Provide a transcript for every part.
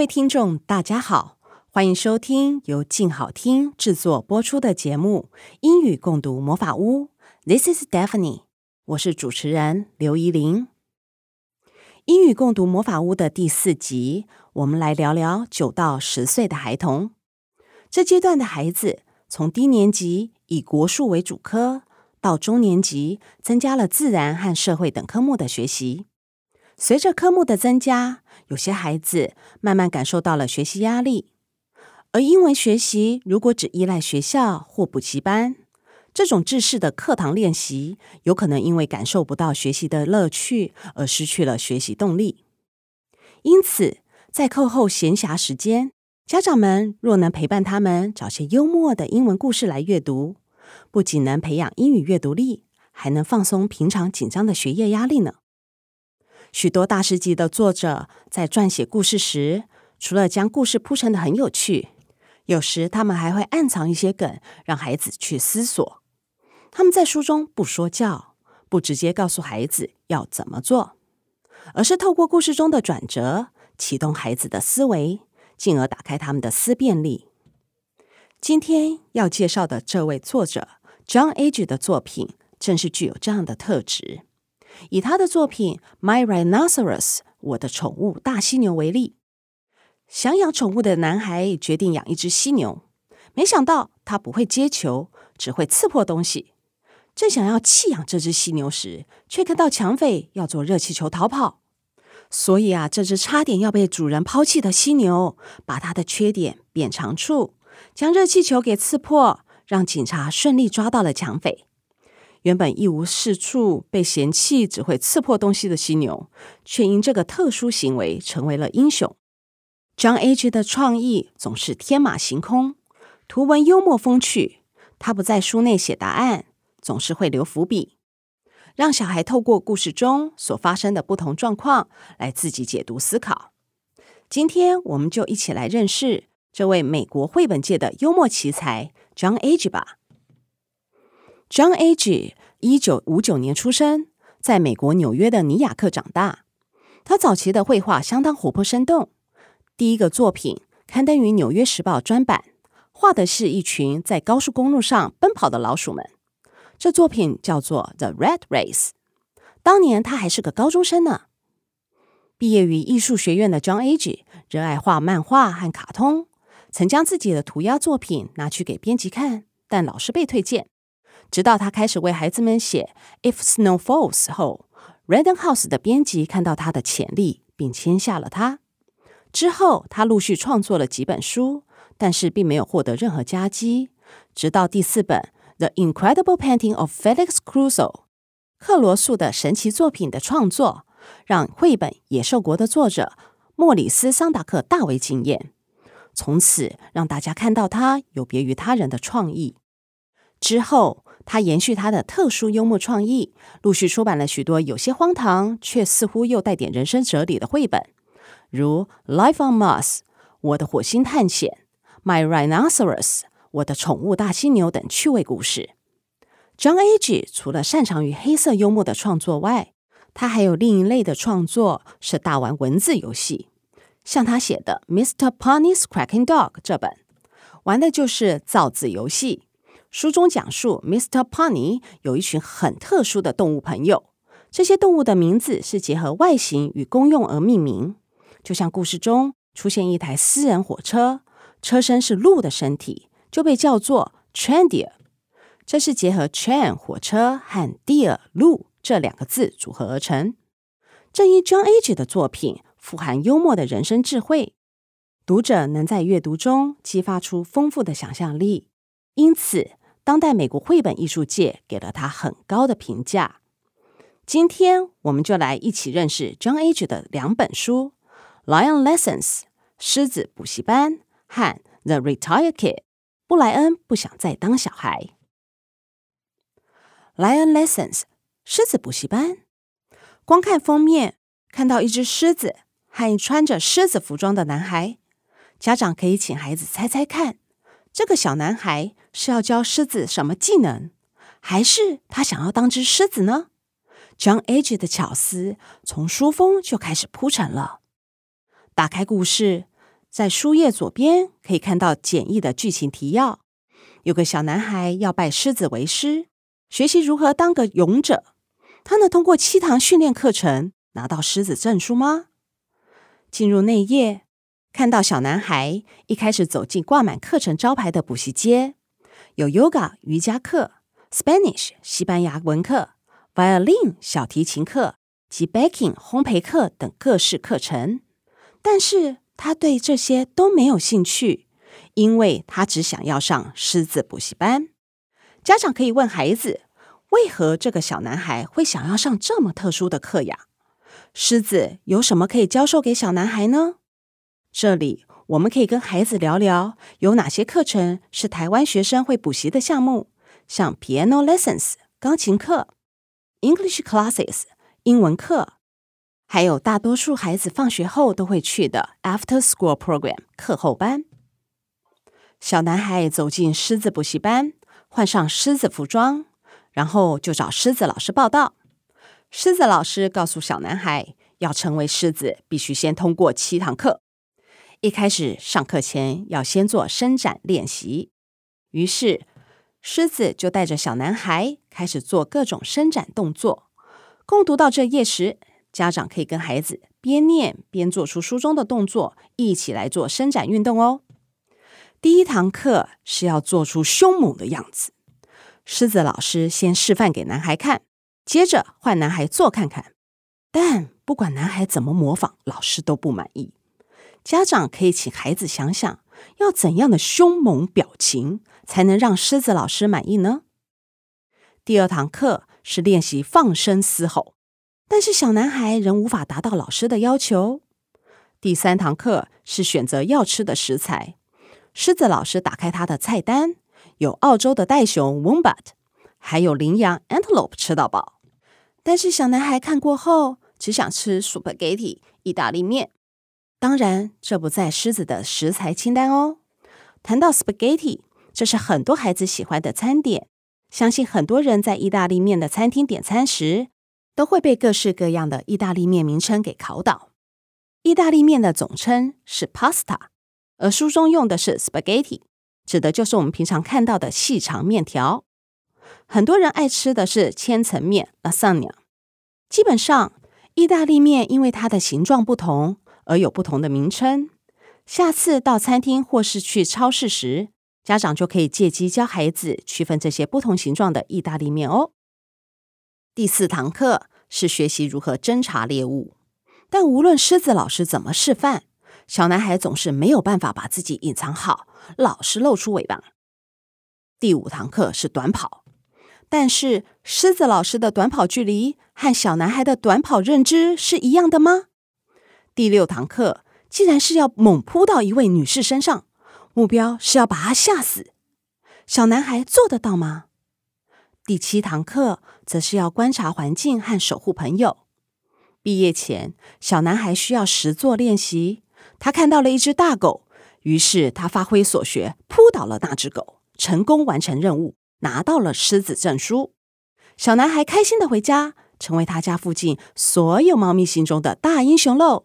各位聽眾，大家好，歡迎收聽由靜好聽制作播出的節目《英語共讀魔法屋》。This is Stephanie，我是主持人劉怡伶。英語共讀魔法屋的第四集，我們來聊聊九到十歲的孩童。這階段的孩子，從低年級以國術為主科，到中年級增加了自然和社會等科目的學習。隨着科目的增加，有些孩子慢慢感受到了學習壓力，而英文學習如果只依賴學校或補習班，這種制式的課堂練習，有可能因為感受不到學習的樂趣而失去了學習動力。因此，在課後閒暇時間，家長們若能陪伴他們找些幽默的英文故事來閱讀，不僅能培養英語閱讀力，還能放鬆平常緊張的學業壓力呢。許多大師級的作者在撰寫故事時，除了將故事鋪陳得很有趣，有時他們還會暗藏一些梗，讓孩子去思索。他們在書中不說教，不直接告訴孩子要怎麼做，而是透過故事中的轉折，啟動孩子的思維，進而打開他們的思辨力。今天要介紹的這位作者 Jon Agee 的作品，正是具有這樣的特質。以他的作品《My Rhinoceros》我的寵物大犀牛為例，想養寵物的男孩決定養一隻犀牛，沒想到它不會接球，只會刺破東西。正想要棄養這隻犀牛時，卻看到搶匪要坐熱氣球逃跑。所以啊，這隻差點要被主人拋棄的犀牛，把它的缺點變長處，將熱氣球給刺破，讓警察順利抓到了搶匪。原本一無是處、被嫌棄、只會刺破東西的犀牛，卻因這個特殊行為成為了英雄。Jon Agee 的創意總是天馬行空，圖文幽默風趣。他不在書內寫答案，總是會留伏筆，讓小孩透過故事中所發生的不同狀況來自己解讀思考。今天，我們就一起來認識這位美國繪本界的幽默奇才 Jon Agee 吧。John Agee 一九五九年出生，在美國紐約的尼亞克長大。他早期的繪畫相當活潑生動。第一個作品刊登於《紐約時報》專版，畫的是一群在高速公路上奔跑的老鼠們。這作品叫做《The Red Race》。當年他還是個高中生呢。畢業於藝術學院的 John Agee 熱愛畫漫畫和卡通，曾將自己的塗鴉作品拿去給編輯看，但老是被推薦。直到他開始為孩子們寫《If Snow Falls》後，Random House 的編輯看到他的潛力，並簽下了他。之後，他陸續創作了幾本書，但是並沒有獲得任何佳績。直到第四本《The Incredible Painting of Felix Crusoe》，克羅素的神奇作品的創作，讓繪本《野獸國》的作者莫里斯·桑達克大為驚豔，從此讓大家看到他有別於他人的創意。之後，他延續他的特殊幽默創意，陸續出版了許多有些荒唐卻似乎又帶點人生哲理的繪本，如《Life on Mars》我的火星探險，《My Rhinoceros》我的寵物大犀牛等趣味故事。Jon Agee 除了擅長於黑色幽默的創作外，他還有另一類的創作是大玩文字遊戲，像他寫的《Mr. Pony's Cracking Dog》這本，玩的就是造字遊戲。書中講述，Mr. Pony 有一群很特殊的動物朋友。這些動物的名字是結合外形與功用而命名。就像故事中出現一台私人火車，車身是鹿的身體，就被叫做 Traindeer。這是結合 Train（ 火車）和 Deer（ 鹿）這兩個字組合而成。正因 Jon Agee 的作品富含幽默的人生智慧，讀者能在閱讀中激發出豐富的想象力，因此，當代美國繪本藝術界給了他很高的評價。今天我們就來一起認識 Jon Agee 的兩本書《Lion Lessons》（獅子補習班）和《The Retired Kid》（布萊恩不想再當小孩）。《Lion Lessons》（獅子補習班）光看封面，看到一隻獅子和一穿着獅子服裝的男孩，家長可以請孩子猜猜看。這個小男孩是要教獅子什麼技能，還是他想要當隻獅子呢？Jon Agee 的巧思從書封就開始鋪陳了。打開故事，在書頁左邊可以看到簡易的劇情提要：有個小男孩要拜獅子為師，學習如何當個勇者。他能通過七堂訓練課程拿到獅子證書嗎？進入內頁。看到小男孩一開始走進掛滿課程招牌的補習街，有 Yoga 瑜伽課、Spanish 西班牙文課、Violin 小提琴課及 Baking 烘焙課等各式課程。但是他對這些都沒有興趣，因為他只想要上獅子補習班。家長可以問孩子：為何這個小男孩會想要上這麼特殊的課呀？獅子有什麼可以教授給小男孩呢？這裡我們可以跟孩子聊聊有哪些課程是台灣學生會補習的項目，像 piano lessons 鋼琴課、English classes 英文課，還有大多數孩子放學後都會去的 after school program 課後班。小男孩走進獅子補習班，換上獅子服裝，然後就找獅子老師報到。獅子老師告訴小男孩，要成為獅子，必須先通過七堂課。一開始上課前要先做伸展練習，於是獅子就帶着小男孩開始做各種伸展動作。共讀到這頁時，家長可以跟孩子邊念邊做出書中的動作，一起來做伸展運動哦。第一堂課是要做出兇猛的樣子，獅子老師先示範給男孩看，接着換男孩做看看。但不管男孩怎麼模仿，老師都不滿意。家長可以請孩子想想，要怎樣的兇猛表情才能讓獅子老師滿意呢？第二堂課是練習放聲嘶吼，但是小男孩仍無法達到老師的要求。第三堂課是選擇要吃的食材，獅子老師打開他的菜單，有澳洲的袋熊 wombat，還有羚羊 antelope，吃到飽。但是小男孩看過後，只想吃 spaghetti 意大利麵。當然，這不在獅子的食材清單哦。談到 spaghetti，這是很多孩子喜歡的餐點。相信很多人在意大利麵的餐廳點餐時，都會被各式各樣的意大利麵名稱給考倒。意大利麵的總稱是 pasta，而書中用的是 spaghetti，指的就是我們平常看到的細長麵條。很多人愛吃的是千層麵 lasagna。基本上，意大利麵因為它的形狀不同。而有不同的名稱。下次到餐廳或是去超市時，家長就可以借機教孩子區分這些不同形狀的意大利麵哦。第四堂課是學習如何偵查獵物，但無論獅子老師怎麼示範，小男孩總是沒有辦法把自己隱藏好，老是露出尾巴。第五堂課是短跑，但是獅子老師的短跑距離和小男孩的短跑認知是一樣的嗎？第六堂課，既然是要猛撲到一位女士身上，目標是要把她嚇死，小男孩做得到嗎？第七堂課則是要觀察環境和守護朋友。畢業前，小男孩需要實作練習。他看到了一隻大狗，於是他發揮所學，撲倒了那隻狗，成功完成任務，拿到了獅子證書。小男孩開心地回家，成為他家附近所有貓咪心中的大英雄嘍！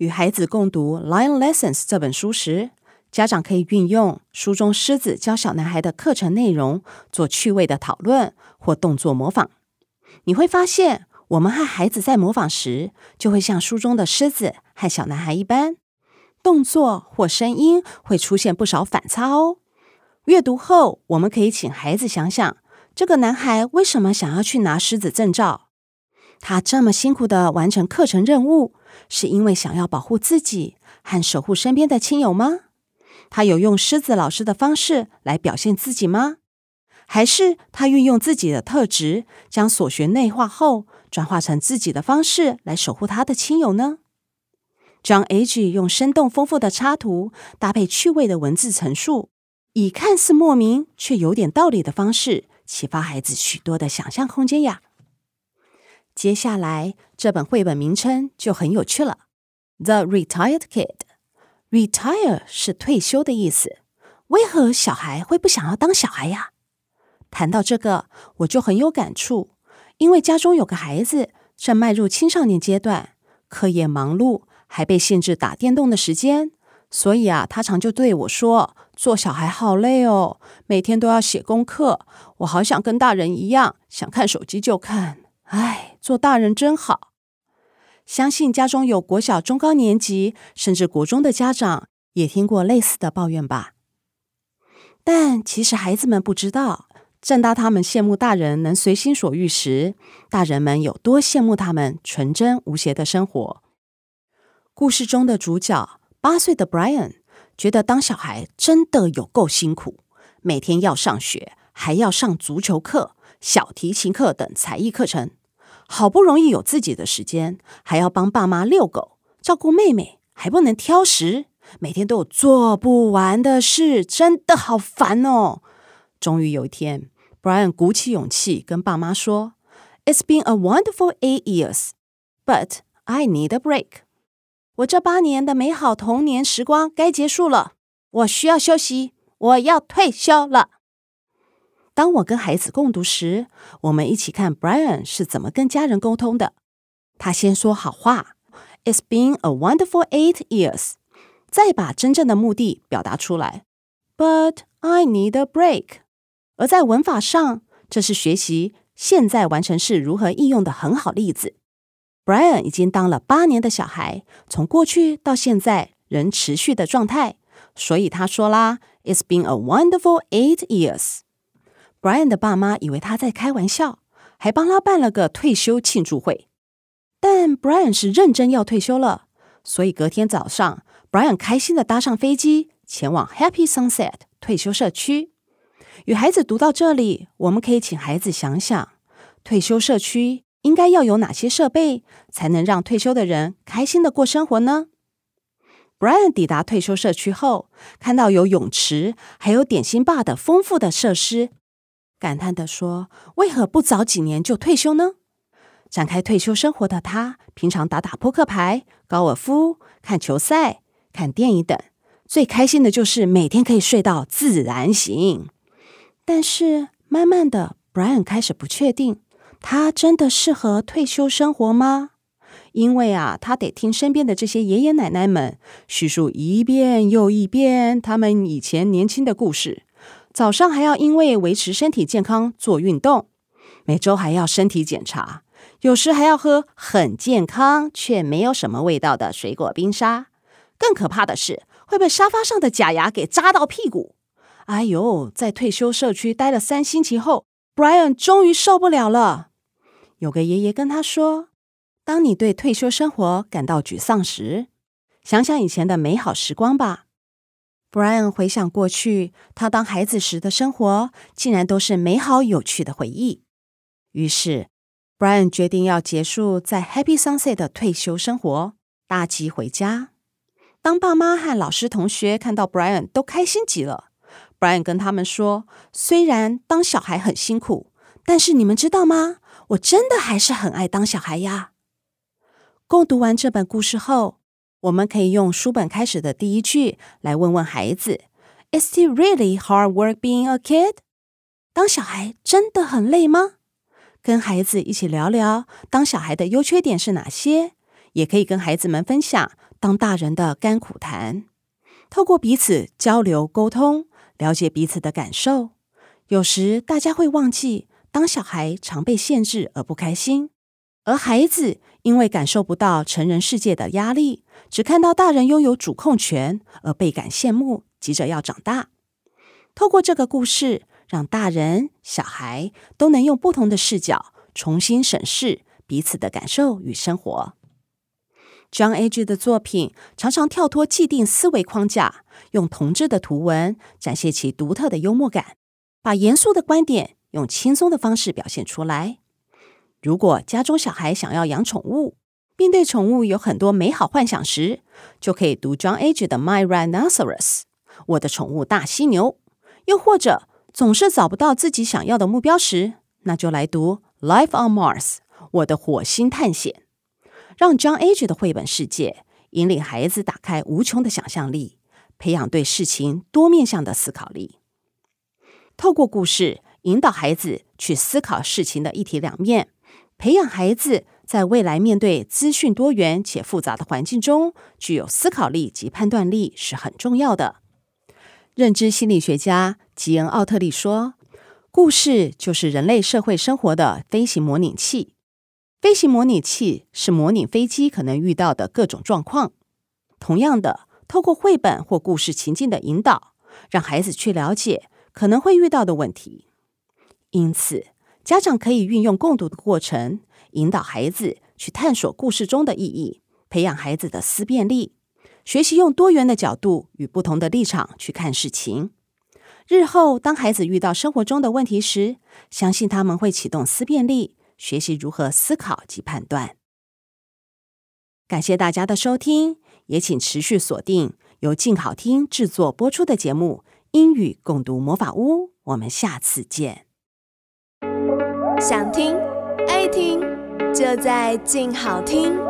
與孩子共讀《Lion Lessons》這本書時，家長可以運用書中獅子教小男孩的課程內容做趣味的討論或動作模仿。你會發現，我們和孩子在模仿時，就會像書中的獅子和小男孩一般，動作或聲音會出現不少反差哦。閱讀後，我們可以請孩子想想，這個男孩為什麼想要去拿獅子證照？他這麼辛苦地完成課程任務。是因為想要保護自己和守護身邊的親友嗎？他有用獅子老師的方式來表現自己嗎？還是他運用自己的特質，將所學內化後，轉化成自己的方式來守護他的親友呢？Jon Agee 用生動豐富的插圖搭配趣味的文字陳述，以看似莫名卻有點道理的方式，啟發孩子許多的想象空間呀。接下來，這本繪本名稱就很有趣了，《The Retired Kid》。Retire 是退休的意思。為何小孩會不想要當小孩呀？談到這個，我就很有感觸，因為家中有個孩子正邁入青少年階段，課業忙碌，還被限制打電動的時間，所以啊，他常就對我說：“做小孩好累哦，每天都要寫功課。我好想跟大人一樣，想看手機就看。”唉，做大人真好。相信家中有國小、中高年級，甚至國中的家長，也聽過類似的抱怨吧。但其實孩子們不知道，正當他們羨慕大人能隨心所欲時，大人們有多羨慕他們純真無邪的生活。故事中的主角八歲的 Brian 覺得當小孩真的有夠辛苦，每天要上學，還要上足球課、小提琴課等才藝課程。好不容易有自己的時間，還要幫爸媽遛狗、照顧妹妹，還不能挑食，每天都有做不完的事，真的好煩哦！終於有一天，Brian 鼓起勇氣跟爸媽說：“It's been a wonderful eight years, but I need a break.” 我這八年的美好童年時光該結束了，我需要休息，我要退休了。當我跟孩子共讀時，我們一起看 Brian 是怎麼跟家人溝通的。他先說好話，It's been a wonderful eight years，再把真正的目的表達出來。But I need a break。而在文法上，這是學習現在完成式如何應用的很好例子。Brian 已經當了八年的小孩，從過去到現在仍持續的狀態，所以他說啦，It's been a wonderful eight years。Brian 的爸媽以為他在開玩笑，還幫他辦了個退休慶祝會。但 Brian 是認真要退休了，所以隔天早上，Brian 開心地搭上飛機，前往 Happy Sunset 退休社區。與孩子讀到這裡，我們可以請孩子想想，退休社區應該要有哪些設備，才能讓退休的人開心地過生活呢？Brian 抵達退休社區後，看到有泳池，還有點心吧的豐富的設施。感嘆地說：“為何不早幾年就退休呢？”展開退休生活的他，平常打打撲克牌、高爾夫、看球賽、看電影等，最開心的就是每天可以睡到自然醒。但是，慢慢的，Brian 開始不確定，他真的適合退休生活嗎？因為啊，他得聽身邊的這些爺爺奶奶們敘述一遍又一遍他們以前年輕的故事。早上還要因為維持身體健康做運動，每周還要身體檢查，有時還要喝很健康卻沒有什麼味道的水果冰沙。更可怕的是會被沙發上的假牙給扎到屁股。哎呦，在退休社區待了三星期後，Brian 終於受不了了。有個爺爺跟他說：“當你對退休生活感到沮喪時，想想以前的美好時光吧。” Brian 回想過去，他當孩子時的生活竟然都是美好有趣的回憶。於是，Brian 決定要結束在 Happy Sunset 的退休生活，搭機回家。當爸媽和老師同學看到 Brian，都開心極了。Brian 跟他們說：“雖然當小孩很辛苦，但是你們知道嗎？我真的還是很愛當小孩呀。”共讀完這本故事後，我們可以用書本開始的第一句來問問孩子：“Is it really hard work being a kid？” 當小孩真的很累嗎？跟孩子一起聊聊當小孩的優缺點是哪些，也可以跟孩子們分享當大人的甘苦談。透過彼此交流溝通，了解彼此的感受。有時大家會忘記，當小孩常被限制而不開心，而孩子。因為感受不到成人世界的壓力，只看到大人擁有主控權，而倍感羨慕，急着要長大。透過這個故事，讓大人小孩都能用不同的視角重新審視彼此的感受與生活。Jon Agee 的作品常常跳脫既定思維框架，用童稚的圖文展現其獨特的幽默感，把嚴肅的觀點用輕鬆的方式表現出來。如果家中小孩想要養寵物，並對寵物有很多美好幻想時，就可以讀 Jon Agee 的《My Rhinoceros》我的寵物大犀牛。又或者總是找不到自己想要的目標時，那就來讀《Life on Mars》我的火星探險。讓 Jon Agee 的繪本世界引領孩子打開無窮的想象力，培養對事情多面向的思考力。透過故事引導孩子去思考事情的一體兩面。培養孩子在未來面對資訊多元且複雜的環境中，具有思考力及判斷力是很重要的。認知心理學家吉恩·奧特利說：“故事就是人類社會生活的飛行模擬器。”飛行模擬器是模擬飛機可能遇到的各種狀況。同樣的，透過繪本或故事情境的引導，讓孩子去了解可能會遇到的問題。因此，家長可以運用共讀的過程，引導孩子去探索故事中的意義，培養孩子的思辨力，學習用多元的角度與不同的立場去看事情。日後當孩子遇到生活中的問題時，相信他們會啟動思辨力，學習如何思考及判斷。感謝大家的收聽，也請持續鎖定由靜好聽製作播出的節目《英語共讀魔法屋》，我們下次見。想聽愛聽，就在鏡好聽。